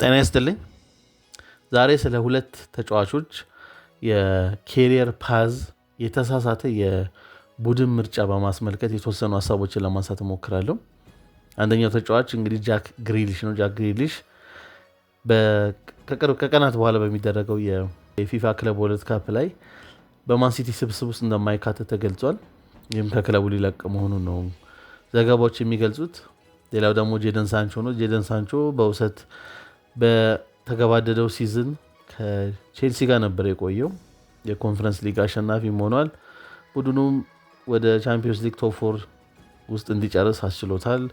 ጤና ይስጥልኝ። ዛሬ ስለ ሁለት ተጫዋቾች የኬሪየር ፓዝ የተሳሳተ የቡድን ምርጫ በማስመልከት የተወሰኑ ሀሳቦችን ለማንሳት እሞክራለሁ። አንደኛው ተጫዋች እንግዲህ ጃክ ግሪሊሽ ነው። ጃክ ግሪሊሽ ከቀናት በኋላ በሚደረገው የፊፋ ክለብ ወርልድ ካፕ ላይ በማንሲቲ ስብስብ ውስጥ እንደማይካተት ተገልጿል። ይህም ከክለቡ ሊለቅ መሆኑ ነው ዘገባዎች የሚገልጹት። ሌላው ደግሞ ጄደን ሳንቾ ነው። ጄደን ሳንቾ በውሰት በተገባደደው ሲዝን ከቼልሲ ጋር ነበር የቆየው። የኮንፈረንስ ሊግ አሸናፊም ሆኗል። ቡድኑም ወደ ቻምፒዮንስ ሊግ ቶፕ ፎር ውስጥ እንዲጨርስ አስችሎታል።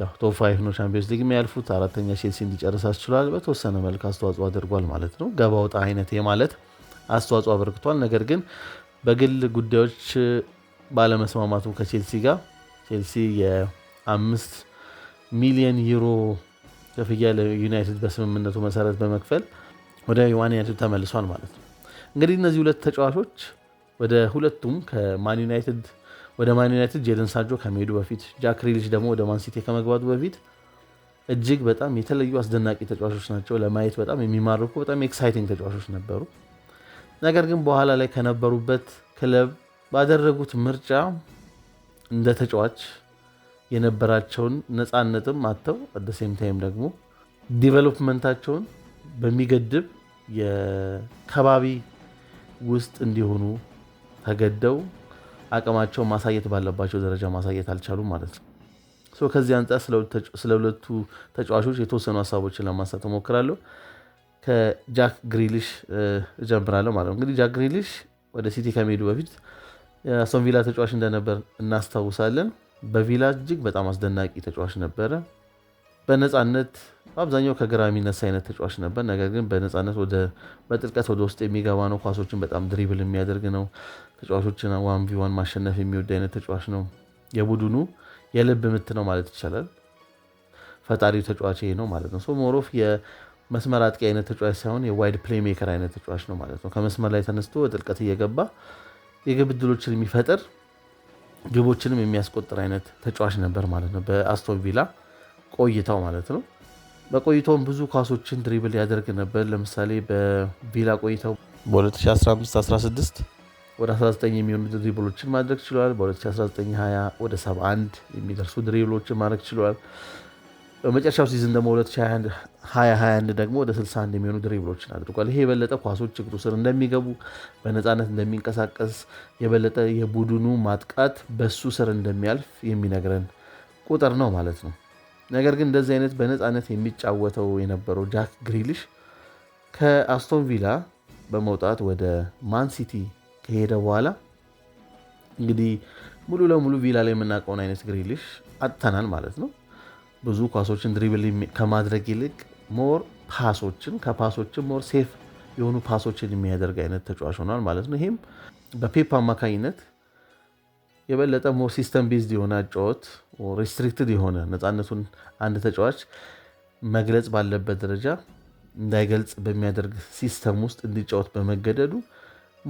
ያው ቶፕ ፋይቭ ነው ቻምፒዮንስ ሊግ የሚያልፉት። አራተኛ ቼልሲ እንዲጨርስ አስችሏል። በተወሰነ መልክ አስተዋጽኦ አድርጓል ማለት ነው። ገባ ወጣ አይነት የማለት አስተዋጽኦ አበርክቷል። ነገር ግን በግል ጉዳዮች ባለመስማማቱ ከቼልሲ ጋር ቼልሲ የአምስት ሚሊየን ዩሮ ክፍያ ለዩናይትድ በስምምነቱ መሰረት በመክፈል ወደ ማን ዩናይትድ ተመልሷል ማለት ነው። እንግዲህ እነዚህ ሁለት ተጫዋቾች ወደ ሁለቱም ከማን ዩናይትድ ወደ ማን ዩናይትድ ጄደን ሳንቾ ከመሄዱ በፊት ጃክ ሪሊሽ ደግሞ ወደ ማንሲቲ ከመግባቱ በፊት እጅግ በጣም የተለዩ አስደናቂ ተጫዋቾች ናቸው። ለማየት በጣም የሚማርኩ በጣም ኤክሳይቲንግ ተጫዋቾች ነበሩ። ነገር ግን በኋላ ላይ ከነበሩበት ክለብ ባደረጉት ምርጫ እንደ ተጫዋች የነበራቸውን ነፃነትም አጥተው አደሴም ታይም ደግሞ ዲቨሎፕመንታቸውን በሚገድብ የከባቢ ውስጥ እንዲሆኑ ተገደው አቅማቸው ማሳየት ባለባቸው ደረጃ ማሳየት አልቻሉም ማለት ነው። ከዚህ አንጻር ስለ ሁለቱ ተጫዋቾች የተወሰኑ ሀሳቦችን ለማንሳት እሞክራለሁ። ከጃክ ግሪሊሽ እጀምራለሁ ማለት ነው። እንግዲህ ጃክ ግሪሊሽ ወደ ሲቲ ከመሄዱ በፊት የአስቶንቪላ ተጫዋች እንደነበር እናስታውሳለን። በቪላ እጅግ በጣም አስደናቂ ተጫዋች ነበረ። በነፃነት በአብዛኛው ከግራ የሚነሳ አይነት ተጫዋች ነበር። ነገር ግን በነፃነት ወደ በጥልቀት ወደ ውስጥ የሚገባ ነው። ኳሶችን በጣም ድሪብል የሚያደርግ ነው። ተጫዋቾችን ዋን ቪዋን ማሸነፍ የሚወድ አይነት ተጫዋች ነው። የቡድኑ የልብ ምት ነው ማለት ይቻላል። ፈጣሪው ተጫዋች ይሄ ነው ማለት ነው። ሶ ሞሮፍ የመስመር አጥቂ አይነት ተጫዋች ሳይሆን የዋይድ ፕሌይ ሜከር አይነት ተጫዋች ነው ማለት ነው። ከመስመር ላይ ተነስቶ በጥልቀት እየገባ የግብ ዕድሎችን የሚፈጥር ግቦችንም የሚያስቆጥር አይነት ተጫዋች ነበር ማለት ነው፣ በአስቶን ቪላ ቆይታው ማለት ነው። በቆይታውም ብዙ ኳሶችን ድሪብል ያደርግ ነበር። ለምሳሌ በቪላ ቆይታው በ2015/16 ወደ 19 የሚሆኑ ድሪብሎችን ማድረግ ችሏል። በ2019/20 ወደ 71 የሚደርሱ ድሪብሎችን ማድረግ ችሏል። በመጨረሻው ሲዝን ደግሞ 2021 ደግሞ ወደ 61 የሚሆኑ ድሪብሎችን አድርጓል። ይሄ የበለጠ ኳሶች እግሩ ስር እንደሚገቡ በነፃነት እንደሚንቀሳቀስ የበለጠ የቡድኑ ማጥቃት በሱ ስር እንደሚያልፍ የሚነግረን ቁጥር ነው ማለት ነው። ነገር ግን እንደዚህ አይነት በነፃነት የሚጫወተው የነበረው ጃክ ግሪሊሽ ከአስቶን ቪላ በመውጣት ወደ ማን ሲቲ ከሄደ በኋላ እንግዲህ ሙሉ ለሙሉ ቪላ ላይ የምናውቀውን አይነት ግሪሊሽ አጥተናል ማለት ነው። ብዙ ኳሶችን ድሪብል ከማድረግ ይልቅ ሞር ፓሶችን ከፓሶችን ሞር ሴፍ የሆኑ ፓሶችን የሚያደርግ አይነት ተጫዋች ሆኗል ማለት ነው። ይሄም በፔፕ አማካኝነት የበለጠ ሞር ሲስተም ቤዝድ የሆነ አጫወት ሬስትሪክትድ የሆነ ነፃነቱን አንድ ተጫዋች መግለጽ ባለበት ደረጃ እንዳይገልጽ በሚያደርግ ሲስተም ውስጥ እንዲጫወት በመገደዱ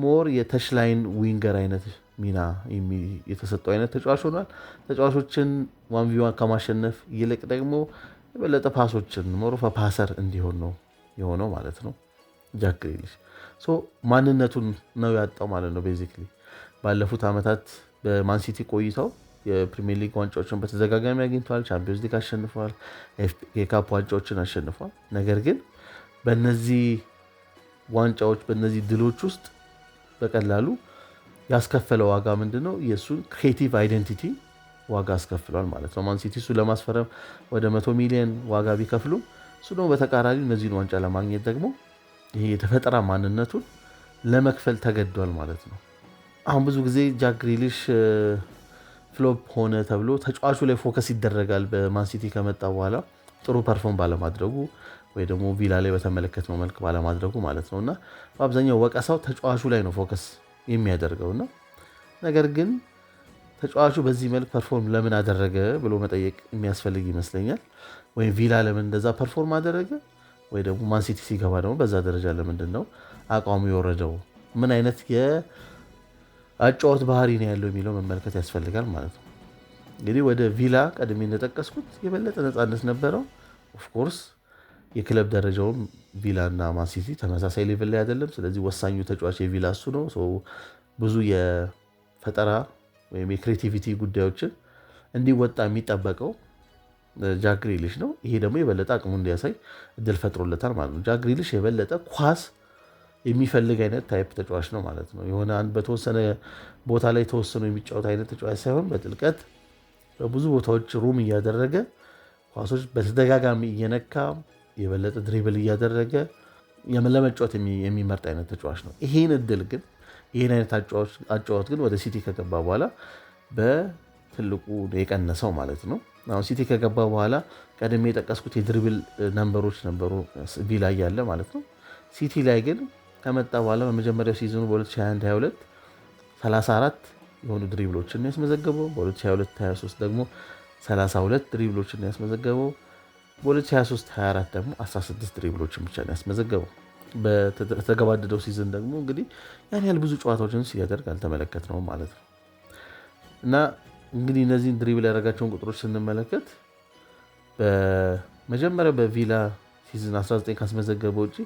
ሞር የተሽላይን ዊንገር አይነት ሚና የተሰጠው አይነት ተጫዋች ሆኗል። ተጫዋቾችን ዋን ቪዋን ከማሸነፍ ይልቅ ደግሞ የበለጠ ፓሶችን ሞሮፋ ፓሰር እንዲሆን ነው የሆነው ማለት ነው። ጃክ ግሪሊሽ ማንነቱን ነው ያጣው ማለት ነው። ቤዚክሊ ባለፉት ዓመታት በማንሲቲ ቆይታው የፕሪሚየር ሊግ ዋንጫዎችን በተደጋጋሚ አግኝተዋል። ቻምፒዮንስ ሊግ አሸንፈዋል። የካፕ ዋንጫዎችን አሸንፏል። ነገር ግን በነዚህ ዋንጫዎች በነዚህ ድሎች ውስጥ በቀላሉ ያስከፈለው ዋጋ ምንድን ነው? የእሱን ክሬቲቭ አይደንቲቲ ዋጋ አስከፍሏል ማለት ነው። ማንሲቲ እሱ ለማስፈረም ወደ መቶ ሚሊዮን ዋጋ ቢከፍሉ እሱ ደግሞ በተቃራኒ እነዚህን ዋንጫ ለማግኘት ደግሞ ይሄ የተፈጠራ ማንነቱን ለመክፈል ተገዷል ማለት ነው። አሁን ብዙ ጊዜ ጃክ ግሪሊሽ ፍሎፕ ሆነ ተብሎ ተጫዋቹ ላይ ፎከስ ይደረጋል። በማንሲቲ ከመጣ በኋላ ጥሩ ፐርፎርም ባለማድረጉ ወይ ደግሞ ቪላ ላይ በተመለከትነው መልክ ባለማድረጉ ማለት ነው እና በአብዛኛው ወቀሳው ተጫዋቹ ላይ ነው ፎከስ የሚያደርገው ነው። ነገር ግን ተጫዋቹ በዚህ መልክ ፐርፎርም ለምን አደረገ ብሎ መጠየቅ የሚያስፈልግ ይመስለኛል። ወይም ቪላ ለምን እንደዛ ፐርፎርም አደረገ፣ ወይ ደግሞ ማንሲቲ ሲገባ ደግሞ በዛ ደረጃ ለምንድን ነው አቋሙ የወረደው፣ ምን አይነት የአጫወት ባህሪ ነው ያለው የሚለው መመልከት ያስፈልጋል ማለት ነው። እንግዲህ ወደ ቪላ ቀድሜ እንደጠቀስኩት የበለጠ ነፃነት ነበረው ኦፍኮርስ የክለብ ደረጃውም ቪላ እና ማንሲቲ ተመሳሳይ ሌቭል ላይ አይደለም። ስለዚህ ወሳኙ ተጫዋች የቪላ እሱ ነው። ብዙ የፈጠራ ወይም የክሬቲቪቲ ጉዳዮችን እንዲወጣ የሚጠበቀው ጃክ ግሪሊሽ ነው። ይሄ ደግሞ የበለጠ አቅሙ እንዲያሳይ እድል ፈጥሮለታል ማለት ነው። ጃክ ግሪሊሽ የበለጠ ኳስ የሚፈልግ አይነት ታይፕ ተጫዋች ነው ማለት ነው። የሆነ አንድ በተወሰነ ቦታ ላይ ተወስኖ የሚጫወት አይነት ተጫዋች ሳይሆን በጥልቀት በብዙ ቦታዎች ሩም እያደረገ ኳሶች በተደጋጋሚ እየነካ የበለጠ ድሪብል እያደረገ ለመጫወት የሚመርጥ አይነት ተጫዋች ነው። ይሄን እድል ግን ይሄን አይነት አጫዋት ግን ወደ ሲቲ ከገባ በኋላ በትልቁ የቀነሰው ማለት ነው። አሁን ሲቲ ከገባ በኋላ ቀድሜ የጠቀስኩት የድሪብል ነንበሮች ነበሩ ቪላ እያለ ማለት ነው። ሲቲ ላይ ግን ከመጣ በኋላ በመጀመሪያው ሲዝኑ በ2021/22 34 የሆኑ ድሪብሎችን ያስመዘገበው በ2022/23 ደግሞ 32 ድሪብሎችን ያስመዘገበው በ2023 24 ደግሞ 16 ድሪብሎችን ብቻ ነው ያስመዘገበው። በተገባደደው ሲዝን ደግሞ እንግዲህ ያን ያህል ብዙ ጨዋታዎችን ሲያደርግ አልተመለከት ነው ማለት ነው እና እንግዲህ እነዚህን ድሪብል ያደረጋቸውን ቁጥሮች ስንመለከት በመጀመሪያው በቪላ ሲዝን 19 ካስመዘገበው ውጭ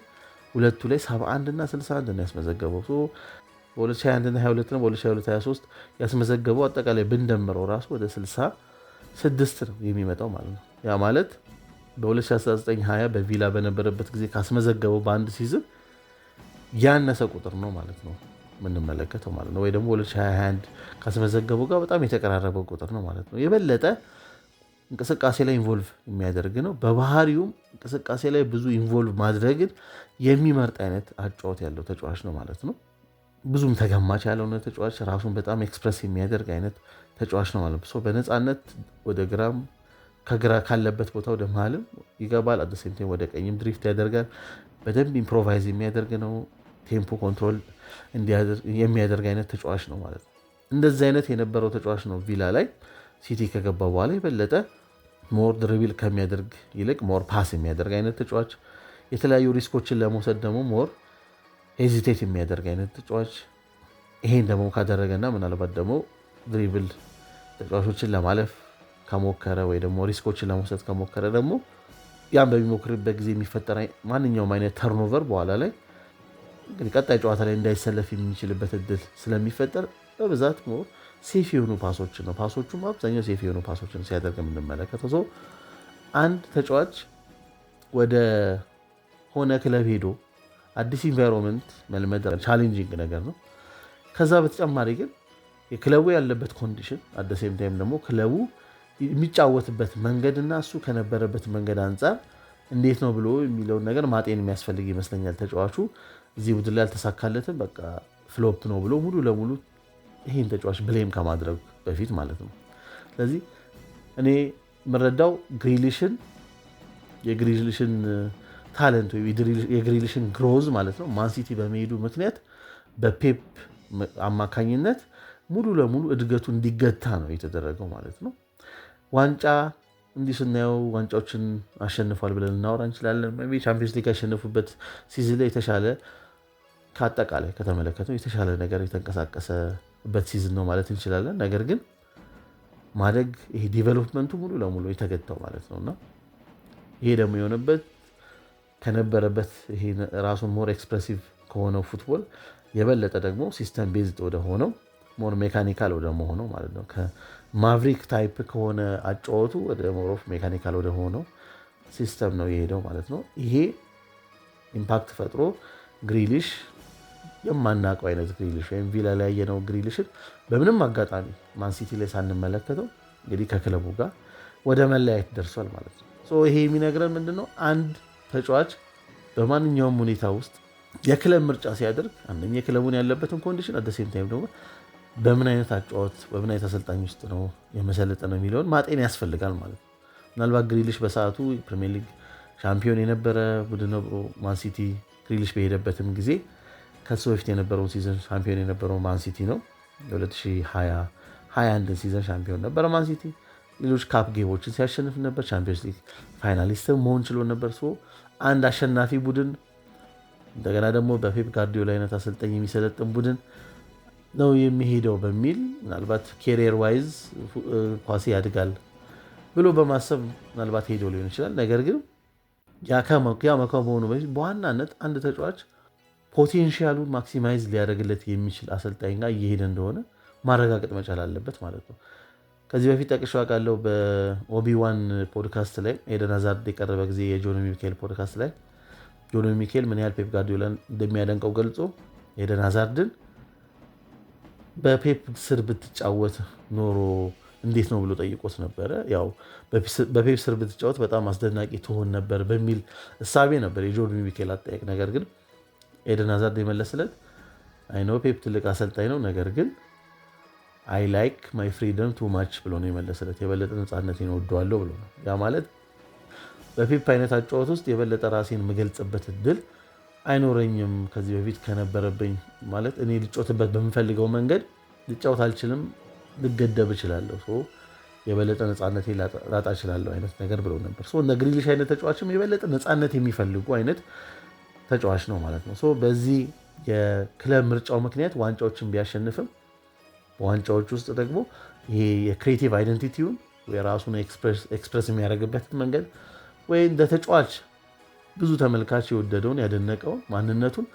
ሁለቱ ላይ 71 እና 61 ነው ያስመዘገበው። በ2021 ና 22 ነው። በ2022 23 ያስመዘገበው አጠቃላይ ብንደምረው ራሱ ወደ 66 ነው የሚመጣው ማለት ነው ያ ማለት በ2019/20 በቪላ በነበረበት ጊዜ ካስመዘገበው በአንድ ሲዝን ያነሰ ቁጥር ነው ማለት ነው የምንመለከተው ማለት ነው። ወይ ደግሞ 2021 ካስመዘገበው ጋር በጣም የተቀራረበ ቁጥር ነው ማለት ነው። የበለጠ እንቅስቃሴ ላይ ኢንቮልቭ የሚያደርግ ነው። በባህሪውም እንቅስቃሴ ላይ ብዙ ኢንቮልቭ ማድረግን የሚመርጥ አይነት አጫወት ያለው ተጫዋች ነው ማለት ነው። ብዙም ተገማች ያለው ተጫዋች፣ ራሱን በጣም ኤክስፕረስ የሚያደርግ አይነት ተጫዋች ነው ማለት ነው። በነፃነት ወደ ግራም ከግራ ካለበት ቦታ ወደ መሀልም ይገባል። አደሴምቴም ወደ ቀኝም ድሪፍት ያደርጋል። በደንብ ኢምፕሮቫይዝ የሚያደርግ ነው። ቴምፖ ኮንትሮል የሚያደርግ አይነት ተጫዋች ነው ማለት ነው። እንደዚህ አይነት የነበረው ተጫዋች ነው ቪላ ላይ። ሲቲ ከገባ በኋላ የበለጠ ሞር ድሪብል ከሚያደርግ ይልቅ ሞር ፓስ የሚያደርግ አይነት ተጫዋች፣ የተለያዩ ሪስኮችን ለመውሰድ ደግሞ ሞር ሄዚቴት የሚያደርግ አይነት ተጫዋች። ይሄን ደግሞ ካደረገና ምናልባት ደግሞ ድሪብል ተጫዋቾችን ለማለፍ ከሞከረ ወይ ደግሞ ሪስኮችን ለመውሰድ ከሞከረ ደግሞ ያን በሚሞክርበት ጊዜ የሚፈጠር ማንኛውም አይነት ተርኖቨር በኋላ ላይ እንግዲህ ቀጣይ ጨዋታ ላይ እንዳይሰለፍ የሚችልበት እድል ስለሚፈጠር በብዛት ሴፍ የሆኑ ፓሶችን ነው ፓሶቹም አብዛኛው ሴፍ የሆኑ ፓሶችን ሲያደርግ የምንመለከተው አንድ ተጫዋች ወደ ሆነ ክለብ ሄዶ አዲስ ኢንቫይሮንመንት መልመድ ቻሌንጂንግ ነገር ነው። ከዛ በተጨማሪ ግን የክለቡ ያለበት ኮንዲሽን አደሴም ታይም ደግሞ ክለቡ የሚጫወትበት መንገድና እሱ ከነበረበት መንገድ አንጻር እንዴት ነው ብሎ የሚለውን ነገር ማጤን የሚያስፈልግ ይመስለኛል። ተጫዋቹ እዚህ ቡድን ላይ አልተሳካለትም፣ በቃ ፍሎፕ ነው ብሎ ሙሉ ለሙሉ ይህን ተጫዋች ብሌም ከማድረግ በፊት ማለት ነው። ስለዚህ እኔ የምረዳው ግሪሊሽን የግሪሊሽን ታለንት ወይም የግሪሊሽን ግሮዝ ማለት ነው ማንሲቲ በመሄዱ ምክንያት በፔፕ አማካኝነት ሙሉ ለሙሉ እድገቱ እንዲገታ ነው የተደረገው ማለት ነው። ዋንጫ እንዲህ ስናየው ዋንጫዎችን አሸንፏል ብለን ልናወራ እንችላለን። ቻምፒዮንስ ሊግ ያሸነፉበት ሲዝን ላይ የተሻለ ከአጠቃላይ ከተመለከተው የተሻለ ነገር የተንቀሳቀሰበት ሲዝን ነው ማለት እንችላለን። ነገር ግን ማደግ ይሄ ዲቨሎፕመንቱ ሙሉ ለሙሉ የተገታው ማለት ነው እና ይሄ ደግሞ የሆነበት ከነበረበት ይሄ ራሱን ሞር ኤክስፕሬሲቭ ከሆነው ፉትቦል የበለጠ ደግሞ ሲስተም ቤዝድ ወደ ሆነው ሞር ሜካኒካል ወደ መሆነው ማለት ነው ማቭሪክ ታይፕ ከሆነ አጫወቱ ወደ ሞሮፍ ሜካኒካል ወደ ሆነው ሲስተም ነው የሄደው ማለት ነው። ይሄ ኢምፓክት ፈጥሮ ግሪሊሽ የማናውቀው አይነት ግሪሊሽ ወይም ቪላ ላይ ያየነው ግሪሊሽን በምንም አጋጣሚ ማንሲቲ ላይ ሳንመለከተው እንግዲህ ከክለቡ ጋር ወደ መለያየት ደርሷል ማለት ነው። ይሄ የሚነግረን ምንድነው? አንድ ተጫዋች በማንኛውም ሁኔታ ውስጥ የክለብ ምርጫ ሲያደርግ አንደኛ የክለቡን ያለበትን ኮንዲሽን አደሴም ታይም ደግሞ በምን አይነት አጫወት በምን አይነት አሰልጣኝ ውስጥ ነው የመሰለጠ ነው የሚለውን ማጤን ያስፈልጋል ማለት ነው። ምናልባት ግሪሊሽ በሰዓቱ ፕሪሚየር ሊግ ሻምፒዮን የነበረ ቡድን ማንሲቲ ግሪሊሽ በሄደበትም ጊዜ ከሱ በፊት የነበረውን ሲዘን ሻምፒዮን የነበረው ማንሲቲ ነው። የ2021 ሲዘን ሻምፒዮን ነበረ ማንሲቲ። ሌሎች ካፕ ጌሞችን ሲያሸንፍ ነበር። ቻምፒዮንስ ሊግ ፋይናሊስት መሆን ችሎ ነበር። አንድ አሸናፊ ቡድን እንደገና ደግሞ በፔፕ ጋርዲዮላ አይነት አሰልጣኝ የሚሰለጥን ቡድን ነው የሚሄደው በሚል ምናልባት ኬሪየር ዋይዝ ኳስ ያድጋል ብሎ በማሰብ ምናልባት ሄዶ ሊሆን ይችላል። ነገር ግን ያ በሆኑ በዋናነት አንድ ተጫዋች ፖቴንሻሉን ማክሲማይዝ ሊያደርግለት የሚችል አሰልጣኝ ጋር እየሄደ እንደሆነ ማረጋገጥ መቻል አለበት ማለት ነው። ከዚህ በፊት ጠቅሼ አውቃለሁ። በኦቢዋን ፖድካስት ላይ ኤደን ሃዛርድ የቀረበ ጊዜ የጆኖ ሚካኤል ፖድካስት ላይ ጆኖ ሚካኤል ምን ያህል ፔፕ ጋርዲዮላን እንደሚያደንቀው ገልጾ ኤደን ሃዛርድን በፔፕ ስር ብትጫወት ኖሮ እንዴት ነው ብሎ ጠይቆት ነበረ። ያው በፔፕ ስር ብትጫወት በጣም አስደናቂ ትሆን ነበር በሚል እሳቤ ነበር የጆርዲ ሚኬል አጠያቅ። ነገር ግን ኤደን አዛርድ የመለስለት አይኖ ፔፕ ትልቅ አሰልጣኝ ነው፣ ነገር ግን አይ ላይክ ማይ ፍሪደም ቱ ማች ብሎ ነው የመለስለት። የበለጠ ነፃነት ይወደዋለሁ ብሎ ነው። ያ ማለት በፔፕ አይነት አጫወት ውስጥ የበለጠ ራሴን የምገልጽበት እድል አይኖረኝም። ከዚህ በፊት ከነበረብኝ ማለት እኔ ልጮትበት በምፈልገው መንገድ ልጫወት አልችልም፣ ልገደብ እችላለሁ፣ የበለጠ ነፃነት ላጣ እችላለሁ አይነት ነገር ብለው ነበር። እነ ግሪሊሽ አይነት ተጫዋችም የበለጠ ነፃነት የሚፈልጉ አይነት ተጫዋች ነው ማለት ነው። በዚህ የክለብ ምርጫው ምክንያት ዋንጫዎችን ቢያሸንፍም በዋንጫዎች ውስጥ ደግሞ ይሄ የክሬቲቭ አይደንቲቲውን የራሱን ኤክስፕረስ የሚያደርግበትን መንገድ ወይ እንደ ተጫዋች ብዙ ተመልካች የወደደውን ያደነቀውን ማንነቱን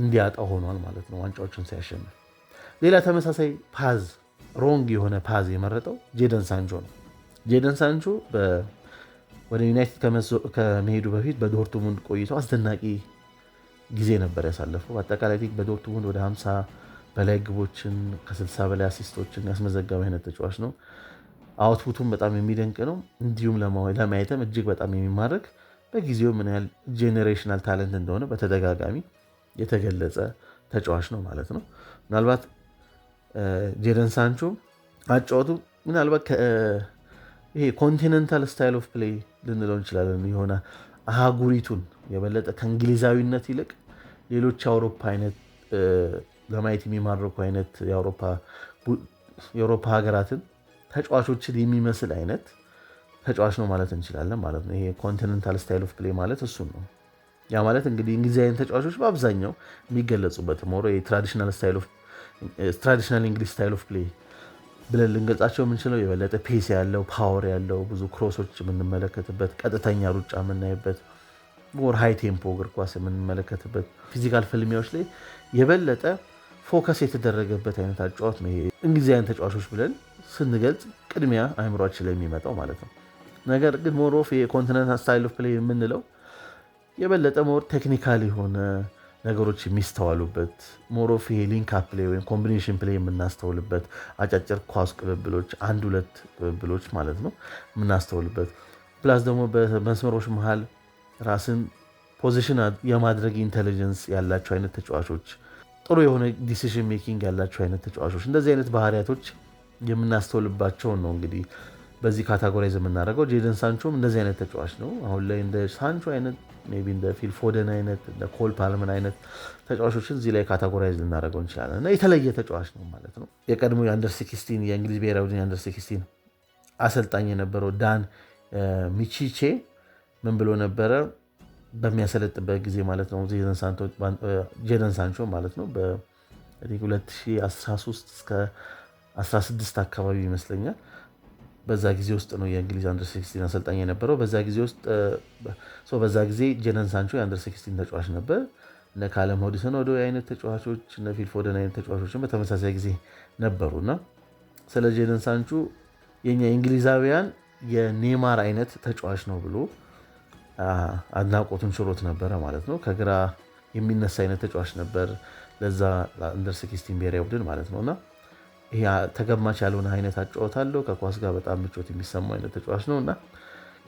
እንዲያጣ ሆኗል ማለት ነው ዋንጫዎችን ሲያሸንፍ። ሌላ ተመሳሳይ ፓዝ ሮንግ የሆነ ፓዝ የመረጠው ጄደን ሳንቾ ነው። ጄደን ሳንቾ ወደ ዩናይትድ ከመሄዱ በፊት በዶርትሙንድ ቆይተው አስደናቂ ጊዜ ነበር ያሳለፈው። በአጠቃላይ በዶርትሙንድ ወደ 50 በላይ ግቦችን ከ60 በላይ አሲስቶችን ያስመዘገበ አይነት ተጫዋች ነው። አውትፑቱም በጣም የሚደንቅ ነው። እንዲሁም ለማየትም እጅግ በጣም የሚማርክ በጊዜው ምን ያህል ጄኔሬሽናል ታለንት እንደሆነ በተደጋጋሚ የተገለጸ ተጫዋች ነው ማለት ነው። ምናልባት ጄደን ሳንቾ አጫወቱ ምናልባት ይሄ ኮንቲኔንታል ስታይል ኦፍ ፕሌይ ልንለው እንችላለን። የሆነ አህጉሪቱን የበለጠ ከእንግሊዛዊነት ይልቅ ሌሎች የአውሮፓ አይነት ለማየት የሚማርኩ አይነት የአውሮፓ ሀገራትን ተጫዋቾችን የሚመስል አይነት ተጫዋች ነው ማለት እንችላለን ማለት ነው። ይሄ ኮንቲኔንታል ስታይል ኦፍ ፕሌ ማለት እሱን ነው። ያ ማለት እንግዲህ እንግሊዝ አይነት ተጫዋቾች በአብዛኛው የሚገለጹበት ሞሮ ትራዲሽናል እንግሊዝ ስታይል ኦፍ ፕሌ ብለን ልንገልጻቸው የምንችለው የበለጠ ፔስ ያለው ፓወር ያለው ብዙ ክሮሶች የምንመለከትበት፣ ቀጥተኛ ሩጫ የምናይበት፣ ሞር ሃይ ቴምፖ እግር ኳስ የምንመለከትበት፣ ፊዚካል ፍልሚያዎች ላይ የበለጠ ፎከስ የተደረገበት አይነት አጫዋት ነው። ይሄ እንግሊዝ አይነት ተጫዋቾች ብለን ስንገልጽ ቅድሚያ አእምሯችን ላይ የሚመጣው ማለት ነው። ነገር ግን ሞሮፍ የኮንቲነንታል ስታይል ኦፍ ፕሌይ የምንለው የበለጠ ሞር ቴክኒካል የሆነ ነገሮች የሚስተዋሉበት ሞሮፍ ይሄ ሊንክ አፕ ፕሌይ ወይም ኮምቢኔሽን ፕሌይ የምናስተውልበት አጫጭር ኳስ ቅብብሎች፣ አንድ ሁለት ቅብብሎች ማለት ነው የምናስተውልበት ፕላስ ደግሞ በመስመሮች መሃል ራስን ፖዚሽን የማድረግ ኢንቴሊጀንስ ያላቸው አይነት ተጫዋቾች፣ ጥሩ የሆነ ዲሲሽን ሜኪንግ ያላቸው አይነት ተጫዋቾች፣ እንደዚህ አይነት ባህሪያቶች የምናስተውልባቸውን ነው እንግዲህ በዚህ ካታጎራይዝ የምናደርገው ጄደን ሳንቾም እንደዚህ አይነት ተጫዋች ነው። አሁን ላይ እንደ ሳንቾ አይነት ሜይ ቢ እንደ ፊል ፎደን አይነት እንደ ኮል ፓልመን አይነት ተጫዋቾችን እዚህ ላይ ካታጎራይዝ ልናደርገው እንችላለን እና የተለየ ተጫዋች ነው ማለት ነው። የቀድሞ የአንደር ሲክስቲን የእንግሊዝ ብሔራዊ ቡድን የአንደር ሲክስቲን አሰልጣኝ የነበረው ዳን ሚቺቼ ምን ብሎ ነበረ በሚያሰለጥበት ጊዜ ማለት ነው ጄደን ሳንቾ ማለት ነው በ 2013 እስከ 16 አካባቢ ይመስለኛል በዛ ጊዜ ውስጥ ነው የእንግሊዝ አንደር ሴክስቲን አሰልጣኝ የነበረው። በዛ ጊዜ ውስጥ በዛ ጊዜ ጀነን ሳንቾ የአንደር ሴክስቲን ተጫዋች ነበር። እነ ካለም ሆድሰን ወደ አይነት ተጫዋቾች እነ ፊልፎደን አይነት ተጫዋቾችን በተመሳሳይ ጊዜ ነበሩ እና ስለ ጀነን ሳንቾ የኛ የእንግሊዛውያን የኔማር አይነት ተጫዋች ነው ብሎ አድናቆቱን ችሎት ነበረ ማለት ነው። ከግራ የሚነሳ አይነት ተጫዋች ነበር ለዛ አንደር ሴክስቲን ብሔራዊ ቡድን ማለት ነው እና ይሄ ተገማች ያልሆነ አይነት አጫወት አለው። ከኳስ ጋር በጣም ምቾት የሚሰማው አይነት ተጫዋች ነው እና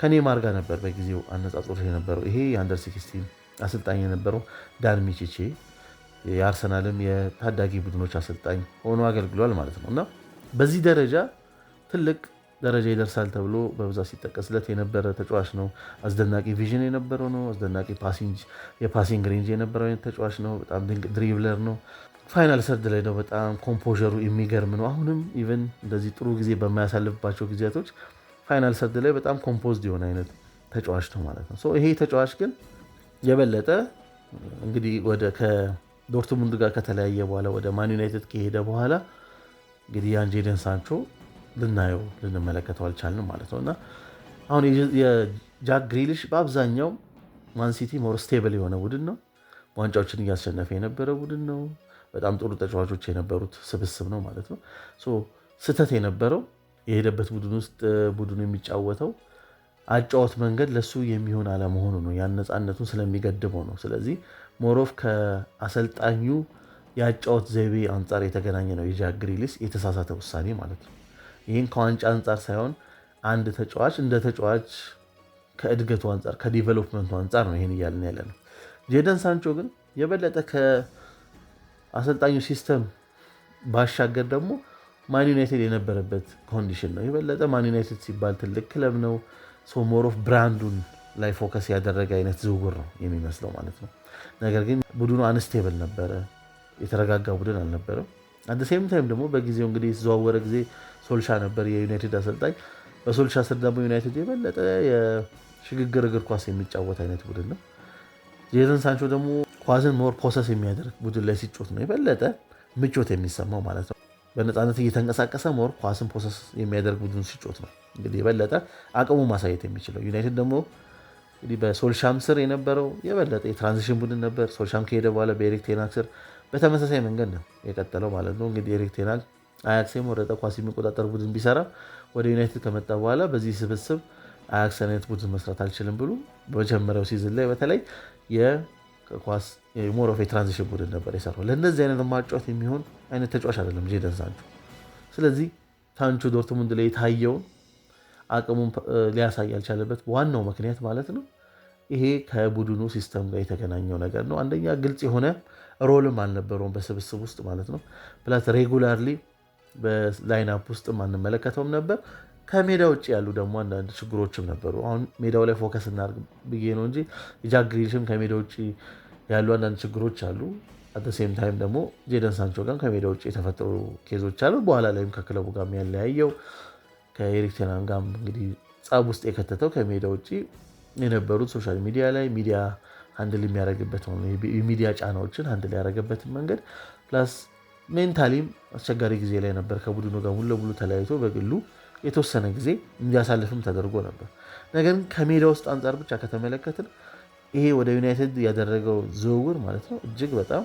ከኔይማር ጋር ነበር በጊዜው አነጻጽሮት የነበረው። ይሄ የአንደር ሲክስቲን አሰልጣኝ የነበረው ዳን ሚቺቼ የአርሰናልም የታዳጊ ቡድኖች አሰልጣኝ ሆኖ አገልግሏል ማለት ነው እና በዚህ ደረጃ ትልቅ ደረጃ ይደርሳል ተብሎ በብዛት ሲጠቀስለት የነበረ ተጫዋች ነው። አስደናቂ ቪዥን የነበረው ነው። አስደናቂ የፓሲንግ ሬንጅ የነበረው ተጫዋች ነው። በጣም ድሪብለር ነው። ፋይናል ሰርድ ላይ ነው በጣም ኮምፖዘሩ የሚገርም ነው። አሁንም ኢቨን እንደዚህ ጥሩ ጊዜ በማያሳልፍባቸው ጊዜያቶች ፋይናል ሰርድ ላይ በጣም ኮምፖዝድ የሆነ አይነት ተጫዋች ነው ማለት ነው። ይሄ ተጫዋች ግን የበለጠ እንግዲህ ወደ ከዶርትሙንድ ጋር ከተለያየ በኋላ ወደ ማን ዩናይትድ ከሄደ በኋላ እንግዲህ ያን ጄደን ሳንቾ ልናየው ልንመለከተው አልቻልንም ማለት ነው እና አሁን የጃክ ግሪሊሽ በአብዛኛው ማንሲቲ ሞር ስቴብል የሆነ ቡድን ነው። ዋንጫዎችን እያሸነፈ የነበረ ቡድን ነው። በጣም ጥሩ ተጫዋቾች የነበሩት ስብስብ ነው ማለት ነው። ስህተት የነበረው የሄደበት ቡድን ውስጥ ቡድኑ የሚጫወተው አጫወት መንገድ ለሱ የሚሆን አለመሆኑ ነው። ያን ነፃነቱን ስለሚገድበው ነው። ስለዚህ ሞሮፍ ከአሰልጣኙ የአጫወት ዘይቤ አንጻር የተገናኘ ነው የጃክ ግሪሊስ የተሳሳተ ውሳኔ ማለት ነው። ይህን ከዋንጫ አንጻር ሳይሆን አንድ ተጫዋች እንደ ተጫዋች ከእድገቱ አንጻር ከዲቨሎፕመንቱ አንጻር ነው ይህን እያልን ያለ ነው። ጄደን ሳንቾ ግን የበለጠ አሰልጣኙ ሲስተም ባሻገር ደግሞ ማን ዩናይትድ የነበረበት ኮንዲሽን ነው። የበለጠ ማን ዩናይትድ ሲባል ትልቅ ክለብ ነው። ሞሮፍ ብራንዱን ላይ ፎከስ ያደረገ አይነት ዝውውር ነው የሚመስለው ማለት ነው። ነገር ግን ቡድኑ አንስቴብል ነበረ፣ የተረጋጋ ቡድን አልነበረም። አንድ ሴም ታይም ደግሞ በጊዜው እንግዲህ የተዘዋወረ ጊዜ ሶልሻ ነበር የዩናይትድ አሰልጣኝ። በሶልሻ ስር ደግሞ ዩናይትድ የበለጠ የሽግግር እግር ኳስ የሚጫወት አይነት ቡድን ነው። ጄዘን ሳንቾ ደግሞ ኳስን ሞር ፖሰስ የሚያደርግ ቡድን ላይ ሲጮት ነው የበለጠ ምቾት የሚሰማው ማለት ነው። በነፃነት እየተንቀሳቀሰ ሞር ኳስን ፖሰስ የሚያደርግ ቡድን ሲጮት ነው እንግዲህ የበለጠ አቅሙ ማሳየት የሚችለው። ዩናይትድ ደግሞ እንግዲህ በሶልሻም ስር የነበረው የበለጠ የትራንዚሽን ቡድን ነበር። ሶልሻም ከሄደ በኋላ በኤሪክ ቴናክ ስር በተመሳሳይ መንገድ ነው የቀጠለው ማለት ነው። እንግዲህ ኤሪክ ቴናክ አያክሴም ወረጠ ኳስ የሚቆጣጠር ቡድን ቢሰራ ወደ ዩናይትድ ከመጣ በኋላ በዚህ ስብስብ አያክስ አይነት ቡድን መስራት አልችልም ብሎ በመጀመሪያው ሲዝን ላይ በተለይ ኳስ ሞሮፌ ትራንዚሽን ቡድን ነበር የሰራው። ለእነዚህ አይነት ማጫወት የሚሆን አይነት ተጫዋች አይደለም ጄደን ሳንቾ። ስለዚህ ሳንቾ ዶርትሙንድ ላይ የታየውን አቅሙን ሊያሳይ ያልቻለበት ዋናው ምክንያት ማለት ነው ይሄ ከቡድኑ ሲስተም ጋር የተገናኘው ነገር ነው። አንደኛ ግልጽ የሆነ ሮልም አልነበረውም በስብስብ ውስጥ ማለት ነው። ፕላስ ሬጉላርሊ በላይናፕ ውስጥም አንመለከተውም ነበር። ከሜዳ ውጭ ያሉ ደግሞ አንዳንድ ችግሮችም ነበሩ። አሁን ሜዳው ላይ ፎከስ እናርግ ብዬ ነው እንጂ የጃክ ግሪሊሽም ከሜዳ ውጭ ያሉ አንዳንድ ችግሮች አሉ። ሴም ታይም ደግሞ ጄደን ሳንቾ ጋር ከሜዳ ውጭ የተፈጠሩ ኬዞች አሉ። በኋላ ላይም ከክለቡ ጋር ያለያየው ከኤሪክ ጋር እንግዲህ ጸብ ውስጥ የከተተው ከሜዳ ውጭ የነበሩት ሶሻል ሚዲያ ላይ ሚዲያ አንድል የሚያደርግበት የሚዲያ ጫናዎችን አንድል ያደረገበትን መንገድ ፕላስ ሜንታሊም አስቸጋሪ ጊዜ ላይ ነበር። ከቡድኑ ጋር ሙሉ ለሙሉ ተለያይቶ በግሉ የተወሰነ ጊዜ እንዲያሳልፍም ተደርጎ ነበር። ነገር ግን ከሜዳ ውስጥ አንጻር ብቻ ከተመለከትን ይሄ ወደ ዩናይትድ ያደረገው ዝውውር ማለት ነው እጅግ በጣም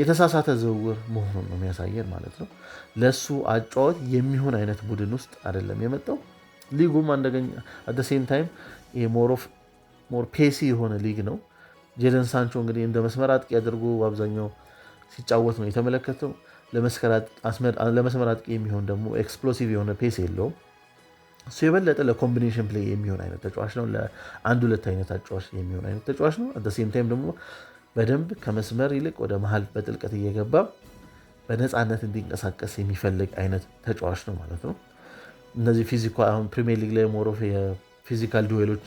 የተሳሳተ ዝውውር መሆኑን ነው የሚያሳየን ማለት ነው። ለእሱ አጫወት የሚሆን አይነት ቡድን ውስጥ አይደለም የመጣው። ሊጉም አንደገኛ አደ ሴም ታይም ሞር ፔሲ የሆነ ሊግ ነው። ጄደን ሳንቾ እንግዲህ እንደ መስመር አጥቂ አድርጎ በአብዛኛው ሲጫወት ነው የተመለከተው። ለመስመር አጥቂ የሚሆን ደግሞ ኤክስፕሎሲቭ የሆነ ፔስ የለውም። እሱ የበለጠ ለኮምቢኔሽን ፕሌ የሚሆን አይነት ተጫዋች ነው። ለአንድ ሁለት አይነት አጫዋች የሚሆን አይነት ተጫዋች ነው። አት ሴም ታይም ደግሞ በደንብ ከመስመር ይልቅ ወደ መሀል በጥልቀት እየገባ በነፃነት እንዲንቀሳቀስ የሚፈልግ አይነት ተጫዋች ነው ማለት ነው። እነዚህ ፊዚካል አሁን ፕሪሚየር ሊግ ላይ ሞሮፍ የፊዚካል ዱዌሎች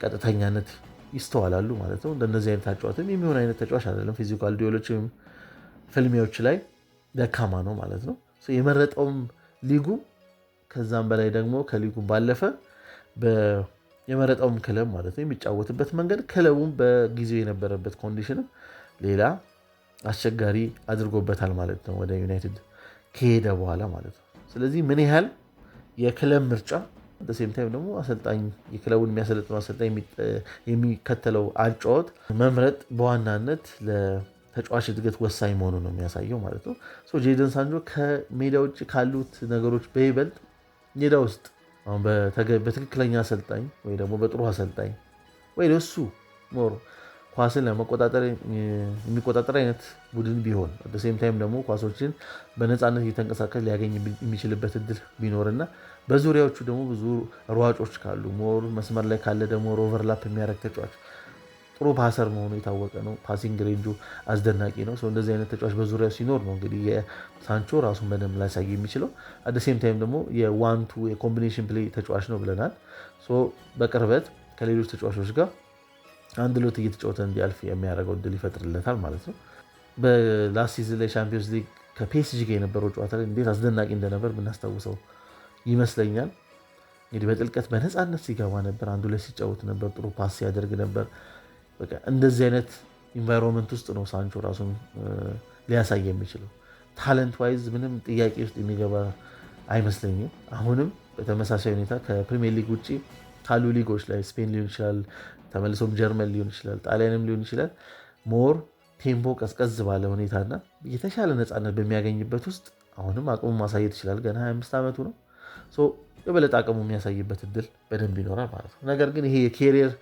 ቀጥተኛነት ይስተዋላሉ ማለት ነው። እንደነዚህ አይነት አጫዋትም የሚሆን አይነት ተጫዋች አይደለም። ፊዚካል ዱዌሎች ወይም ፍልሚያዎች ላይ ደካማ ነው ማለት ነው። የመረጠውም ሊጉም ከዛም በላይ ደግሞ ከሊጉም ባለፈ የመረጠውም ክለብ ማለት ነው የሚጫወትበት መንገድ ክለቡም በጊዜው የነበረበት ኮንዲሽንም ሌላ አስቸጋሪ አድርጎበታል ማለት ነው ወደ ዩናይትድ ከሄደ በኋላ ማለት ነው። ስለዚህ ምን ያህል የክለብ ምርጫ ሴም ታይም ደግሞ አሰልጣኝ የክለቡን የሚያሰለጥነው አሰልጣኝ የሚከተለው አጫወት መምረጥ በዋናነት ተጫዋች እድገት ወሳኝ መሆኑ ነው የሚያሳየው ማለት ነው። ጄደን ሳንጆ ከሜዳ ውጭ ካሉት ነገሮች በይበልጥ ሜዳ ውስጥ አሁን በትክክለኛ አሰልጣኝ ወይ ደግሞ በጥሩ አሰልጣኝ ወይ እሱ ኖሮ ኳስን ለመቆጣጠር የሚቆጣጠር አይነት ቡድን ቢሆን በሴም ታይም ደግሞ ኳሶችን በነፃነት እየተንቀሳቀስ ሊያገኝ የሚችልበት እድል ቢኖርና በዙሪያዎቹ ደግሞ ብዙ ሯጮች ካሉ ሞር መስመር ላይ ካለ ደግሞ ኦቨርላፕ የሚያደርግ ተጫዋች ጥሩ ፓሰር መሆኑ የታወቀ ነው። ፓሲንግ ሬንጁ አስደናቂ ነው። ሰው እንደዚህ አይነት ተጫዋች በዙሪያው ሲኖር ነው እንግዲህ የሳንቾ ራሱን በደንብ ላያሳይ የሚችለው። አደ ሴም ታይም ደግሞ የዋንቱ የኮምቢኔሽን ፕሌይ ተጫዋች ነው ብለናል። በቅርበት ከሌሎች ተጫዋቾች ጋር አንድ ሎት እየተጫወተ እንዲያልፍ የሚያደርገው እድል ይፈጥርለታል ማለት ነው። በላስት ሲዝን ላይ ሻምፒዮንስ ሊግ ከፒኤስጂ ጋር የነበረው ጨዋታ ላይ እንዴት አስደናቂ እንደነበር ብናስታውሰው ይመስለኛል። እንግዲህ በጥልቀት በነፃነት ሲገባ ነበር፣ አንዱ ላይ ሲጫወት ነበር፣ ጥሩ ፓስ ሲያደርግ ነበር። እንደዚህ አይነት ኢንቫይሮንመንት ውስጥ ነው ሳንቾ ራሱን ሊያሳይ የሚችለው። ታለንት ዋይዝ ምንም ጥያቄ ውስጥ የሚገባ አይመስለኝም። አሁንም በተመሳሳይ ሁኔታ ከፕሪሚየር ሊግ ውጭ ካሉ ሊጎች ላይ ስፔን ሊሆን ይችላል፣ ተመልሶም ጀርመን ሊሆን ይችላል፣ ጣሊያንም ሊሆን ይችላል ሞር ቴምፖ ቀዝቀዝ ባለ ሁኔታና የተሻለ ነፃነት በሚያገኝበት ውስጥ አሁንም አቅሙ ማሳየት ይችላል። ገና 25 ዓመቱ ነው። የበለጠ አቅሙ የሚያሳይበት እድል በደንብ ይኖራል ማለት ነው። ነገር ግን ይሄ የኬሪየር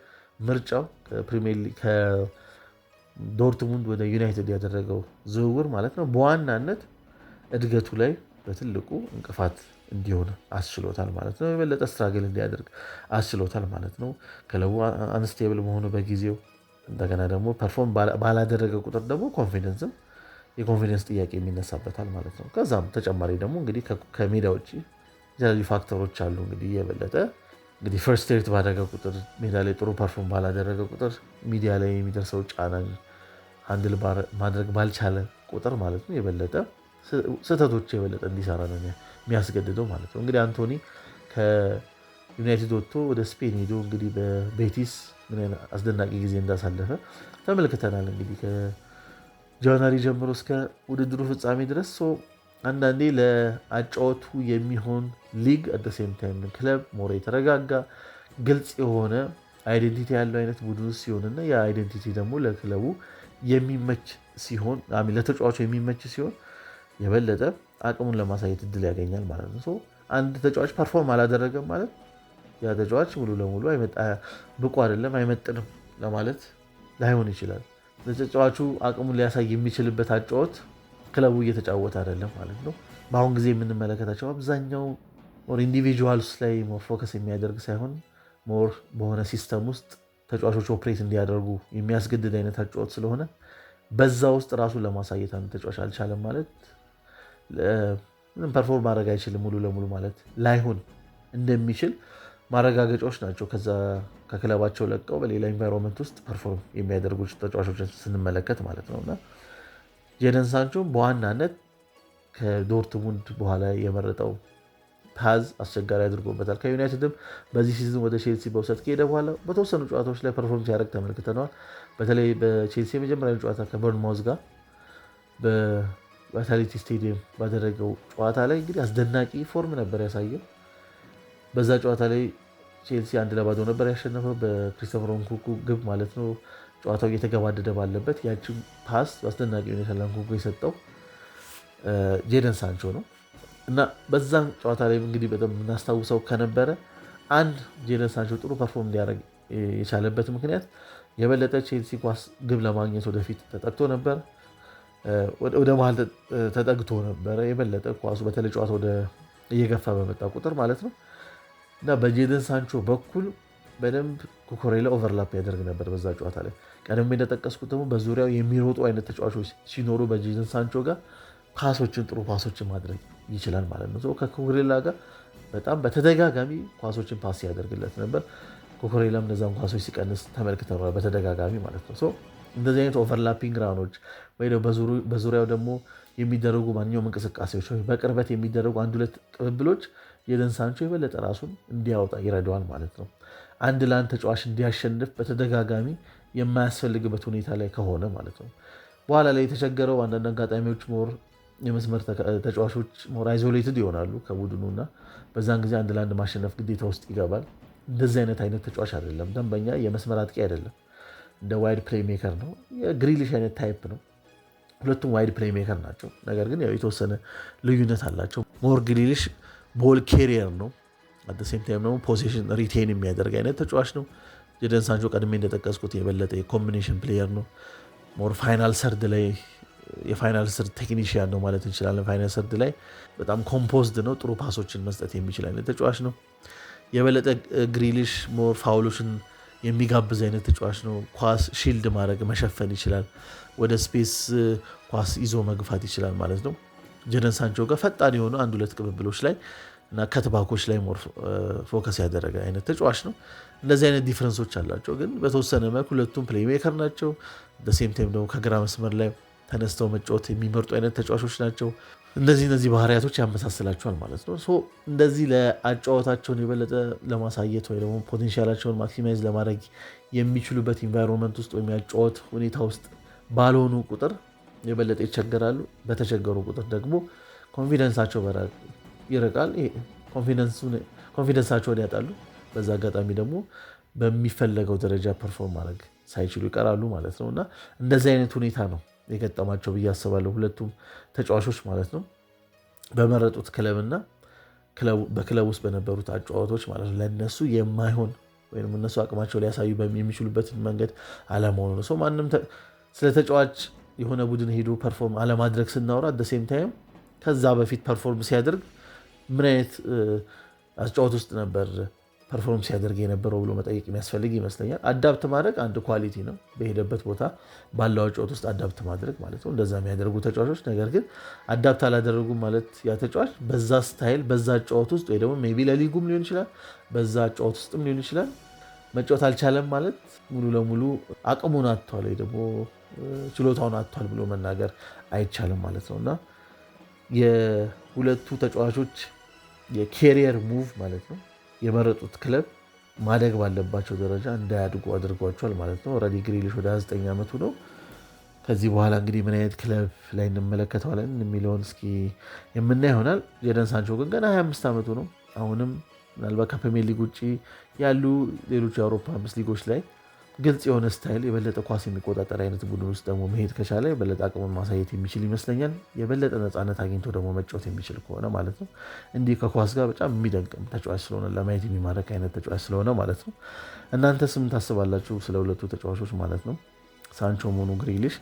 ምርጫው ከዶርትሙንድ ወደ ዩናይትድ ያደረገው ዝውውር ማለት ነው በዋናነት እድገቱ ላይ በትልቁ እንቅፋት እንዲሆን አስችሎታል ማለት ነው። የበለጠ ስትራግል እንዲያደርግ አስችሎታል ማለት ነው። ክለቡ አንስቴብል መሆኑ በጊዜው እንደገና ደግሞ ፐርፎርም ባላደረገ ቁጥር ደግሞ ኮንፊደንስም የኮንፊደንስ ጥያቄ የሚነሳበታል ማለት ነው። ከዛም ተጨማሪ ደግሞ እንግዲህ ከሜዳ ውጭ የተለያዩ ፋክተሮች አሉ እንግዲህ የበለጠ እንግዲህ ፈርስት ኤድ ባደረገ ቁጥር ሜዳ ላይ ጥሩ ፐርፎርም ባላደረገ ቁጥር ሚዲያ ላይ የሚደርሰው ጫናን አንድል ማድረግ ባልቻለ ቁጥር ማለት ነው የበለጠ ስህተቶች የበለጠ እንዲሰራ ነው የሚያስገድደው ማለት ነው። እንግዲህ አንቶኒ ከዩናይትድ ወጥቶ ወደ ስፔን ሄዶ እንግዲህ በቤቲስ ምን አስደናቂ ጊዜ እንዳሳለፈ ተመልክተናል። እንግዲህ ከጃንዋሪ ጀምሮ እስከ ውድድሩ ፍጻሜ ድረስ አንዳንዴ ለአጫወቱ የሚሆን ሊግ አደሴም ታይም ክለብ ሞረ የተረጋጋ ግልጽ የሆነ አይዴንቲቲ ያለው አይነት ቡድን ሲሆንና ሲሆንና የአይዴንቲቲ ደግሞ ለክለቡ የሚመች ሲሆን ለተጫዋቹ የሚመች ሲሆን የበለጠ አቅሙን ለማሳየት እድል ያገኛል ማለት ነው። አንድ ተጫዋች ፐርፎርም አላደረገም ማለት ያ ተጫዋች ሙሉ ለሙሉ ብቁ አይደለም፣ አይመጥንም ለማለት ላይሆን ይችላል። ለተጫዋቹ አቅሙን ሊያሳይ የሚችልበት አጫወት ክለቡ እየተጫወተ አይደለም ማለት ነው። በአሁን ጊዜ የምንመለከታቸው አብዛኛው ኢንዲቪጁዋልስ ላይ ፎከስ የሚያደርግ ሳይሆን ሞር በሆነ ሲስተም ውስጥ ተጫዋቾች ኦፕሬት እንዲያደርጉ የሚያስገድድ አይነት አጫወት ስለሆነ በዛ ውስጥ ራሱን ለማሳየት አንድ ተጫዋች አልቻለም ማለት ምንም ፐርፎርም ማድረግ አይችልም ሙሉ ለሙሉ ማለት ላይሆን እንደሚችል ማረጋገጫዎች ናቸው። ከዛ ከክለባቸው ለቀው በሌላ ኢንቫይሮንመንት ውስጥ ፐርፎርም የሚያደርጉ ተጫዋቾችን ስንመለከት ማለት ነው እና ጀደን ሳንቾን በዋናነት ከዶርትሙንድ በኋላ የመረጠው ፓዝ አስቸጋሪ አድርጎበታል። ከዩናይትድም በዚህ ሲዝን ወደ ቼልሲ በውሰት ከሄደ በኋላ በተወሰኑ ጨዋታዎች ላይ ፐርፎርም ሲያደርግ ተመልክተነዋል። በተለይ በቼልሲ የመጀመሪያ ጨዋታ ከበርንማውዝ ጋር በቫይታሊቲ ስቴዲየም ባደረገው ጨዋታ ላይ እንግዲህ አስደናቂ ፎርም ነበር ያሳየው። በዛ ጨዋታ ላይ ቼልሲ አንድ ለባዶ ነበር ያሸነፈው በክሪስቶፈር ንኩንኩ ግብ ማለት ነው። ጨዋታው እየተገባደደ ባለበት ያችን ፓስ በአስደናቂ ሁኔታ ለንኮንጎ የሰጠው ጄደን ሳንቾ ነው እና በዛን ጨዋታ ላይ እንግዲህ በጣም የምናስታውሰው ከነበረ አንድ ጄደን ሳንቾ ጥሩ ፐርፎርም ሊያደርግ የቻለበት ምክንያት የበለጠ ቼልሲ ኳስ ግብ ለማግኘት ወደፊት ተጠግቶ ነበር፣ ወደ መሀል ተጠግቶ ነበረ። የበለጠ ኳሱ በተለይ ጨዋታ ወደ እየገፋ በመጣ ቁጥር ማለት ነው እና በጄደን ሳንቾ በኩል በደንብ ኩኮሬላ ኦቨርላፕ ያደርግ ነበር በዛ ጨዋታ ላይ። ቀደም እንደጠቀስኩት ደግሞ በዙሪያው የሚሮጡ አይነት ተጫዋቾች ሲኖሩ በጄደን ሳንቾ ጋር ኳሶችን ጥሩ ኳሶችን ማድረግ ይችላል ማለት ነው። ከኩኮሬላ ጋር በጣም በተደጋጋሚ ኳሶችን ፓስ ያደርግለት ነበር። ኩኮሬላም እነዛን ኳሶች ሲቀንስ ተመልክተናል በተደጋጋሚ ማለት ነው። እንደዚህ አይነት ኦቨርላፒንግ ራኖች ወይ በዙሪያው ደግሞ የሚደረጉ ማንኛውም እንቅስቃሴዎች በቅርበት የሚደረጉ አንድ ሁለት ቅብብሎች የደንሳንቾ የበለጠ ራሱን እንዲያወጣ ይረዳዋል ማለት ነው። አንድ ለአንድ ተጫዋች እንዲያሸንፍ በተደጋጋሚ የማያስፈልግበት ሁኔታ ላይ ከሆነ ማለት ነው። በኋላ ላይ የተቸገረው አንዳንድ አጋጣሚዎች ሞር የመስመር ተጫዋቾች ሞር አይዞሌትድ ይሆናሉ ከቡድኑ እና በዛን ጊዜ አንድ ለአንድ ማሸነፍ ግዴታ ውስጥ ይገባል። እንደዚህ አይነት አይነት ተጫዋች አይደለም። ደንበኛ የመስመር አጥቂ አይደለም። እንደ ዋይድ ፕሌይ ሜከር ነው። የግሪሊሽ አይነት ታይፕ ነው። ሁለቱም ዋይድ ፕሌይ ሜከር ናቸው። ነገር ግን ያው የተወሰነ ልዩነት አላቸው። ሞር ግሪሊሽ ቦል ኬሪየር ነው። አደሴም ታይም ደግሞ ፖሴሽን ሪቴን የሚያደርግ አይነት ተጫዋች ነው። ጀደን ሳንቾ ቀድሜ እንደጠቀስኩት የበለጠ የኮምቢኔሽን ፕሌየር ነው። ሞር ፋይናል ሰርድ ላይ የፋይናል ሰርድ ቴክኒሽያን ነው ማለት እንችላለን። ፋይናል ሰርድ ላይ በጣም ኮምፖዝድ ነው። ጥሩ ፓሶችን መስጠት የሚችል አይነት ተጫዋች ነው። የበለጠ ግሪሊሽ ሞር ፋውሎችን የሚጋብዝ አይነት ተጫዋች ነው። ኳስ ሺልድ ማድረግ መሸፈን ይችላል። ወደ ስፔስ ኳስ ይዞ መግፋት ይችላል ማለት ነው። ጀደን ሳንቾ ጋር ፈጣን የሆኑ አንድ ሁለት ቅብብሎች ላይ እና ከትባኮች ላይ ሞር ፎከስ ያደረገ አይነት ተጫዋች ነው። እንደዚህ አይነት ዲፍረንሶች አላቸው፣ ግን በተወሰነ መልክ ሁለቱም ፕሌይሜከር ናቸው። በሴም ታይም ደግሞ ከግራ መስመር ላይ ተነስተው መጫወት የሚመርጡ አይነት ተጫዋቾች ናቸው። እነዚህ እነዚህ ባህሪያቶች ያመሳስላቸዋል ማለት ነው። ሶ እንደዚህ ለአጫወታቸውን የበለጠ ለማሳየት ወይ ደግሞ ፖቴንሻላቸውን ማክሲማይዝ ለማድረግ የሚችሉበት ኢንቫይሮንመንት ውስጥ ወይም ያጫወት ሁኔታ ውስጥ ባልሆኑ ቁጥር የበለጠ ይቸገራሉ። በተቸገሩ ቁጥር ደግሞ ኮንፊደንሳቸው ይርቃል። ኮንፊደንሳቸውን ያጣሉ። በዛ አጋጣሚ ደግሞ በሚፈለገው ደረጃ ፐርፎርም ማድረግ ሳይችሉ ይቀራሉ ማለት ነው እና እንደዚህ አይነት ሁኔታ ነው የገጠማቸው ብዬ አስባለሁ። ሁለቱም ተጫዋቾች ማለት ነው በመረጡት ክለብና በክለብ ውስጥ በነበሩት አጫዋቶች ማለት ነው ለእነሱ የማይሆን ወይም እነሱ አቅማቸው ሊያሳዩ የሚችሉበትን መንገድ አለመሆኑ ነው። ሰው ማንም ስለ ተጫዋች የሆነ ቡድን ሄዶ ፐርፎርም አለማድረግ ስናወራ ደሴም ታይም ከዛ በፊት ፐርፎርም ሲያደርግ ምን አይነት አጫወት ውስጥ ነበር ፐርፎርም ሲያደርግ የነበረው ብሎ መጠየቅ የሚያስፈልግ ይመስለኛል። አዳብት ማድረግ አንድ ኳሊቲ ነው። በሄደበት ቦታ ባለው አጫወት ውስጥ አዳብት ማድረግ ማለት ነው። እንደዛ የሚያደርጉ ተጫዋቾች ነገር ግን አዳብት አላደረጉም ማለት ያ ተጫዋች በዛ ስታይል በዛ አጫወት ውስጥ ወይ ደግሞ ቢ ለሊጉም ሊሆን ይችላል በዛ አጫወት ውስጥም ሊሆን ይችላል መጫወት አልቻለም ማለት ሙሉ ለሙሉ አቅሙን አጥቷል ወይ ደግሞ ችሎታውን አጥቷል ብሎ መናገር አይቻልም ማለት ነው እና የሁለቱ ተጫዋቾች የኬሪየር ሙቭ ማለት ነው። የመረጡት ክለብ ማደግ ባለባቸው ደረጃ እንዳያድጉ አድርጓቸዋል ማለት ነው። ኦልሬዲ ግሪሊሽ ወደ 29 ዓመቱ ነው። ከዚህ በኋላ እንግዲህ ምን አይነት ክለብ ላይ እንመለከተዋለን የሚለውን እስኪ የምናይ ይሆናል። ጀደን ሳንቾ ግን ገና 25 ዓመቱ ነው። አሁንም ምናልባት ከፕሪሚየር ሊግ ውጭ ያሉ ሌሎች የአውሮፓ አምስት ሊጎች ላይ ግልጽ የሆነ ስታይል የበለጠ ኳስ የሚቆጣጠር አይነት ቡድን ውስጥ ደግሞ መሄድ ከቻለ የበለጠ አቅምን ማሳየት የሚችል ይመስለኛል። የበለጠ ነፃነት አግኝቶ ደግሞ መጫወት የሚችል ከሆነ ማለት ነው። እንዲህ ከኳስ ጋር በጣም የሚደንቅም ተጫዋች ስለሆነ ለማየት የሚማረክ አይነት ተጫዋች ስለሆነ ማለት ነው። እናንተ ስም ታስባላችሁ ስለ ሁለቱ ተጫዋቾች ማለት ነው? ሳንቾ ሆኑ ግሪሊሽ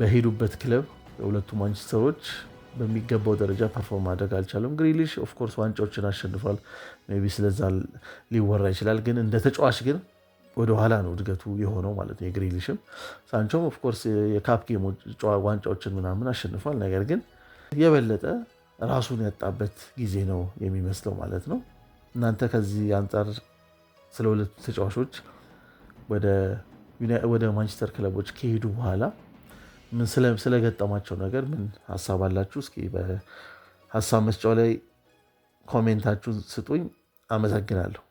በሄዱበት ክለብ የሁለቱ ማንቸስተሮች በሚገባው ደረጃ ፐርፎርም ማድረግ አልቻለም። ግሪሊሽ ኦፍኮርስ ዋንጫዎችን አሸንፏል። ሜይ ቢ ስለዛ ሊወራ ይችላል። ግን እንደ ተጫዋች ግን ወደኋላ ነው እድገቱ የሆነው ማለት ነው። የግሪሊሽም ሳንቾም ኦፍኮርስ የካፕ ጌሞች ዋንጫዎችን ምናምን አሸንፏል። ነገር ግን የበለጠ ራሱን ያጣበት ጊዜ ነው የሚመስለው ማለት ነው። እናንተ ከዚህ አንጻር ስለ ሁለቱ ተጫዋቾች ወደ ማንቸስተር ክለቦች ከሄዱ በኋላ ስለገጠማቸው ነገር ምን ሀሳብ አላችሁ? እስኪ በሀሳብ መስጫው ላይ ኮሜንታችሁን ስጡኝ። አመሰግናለሁ።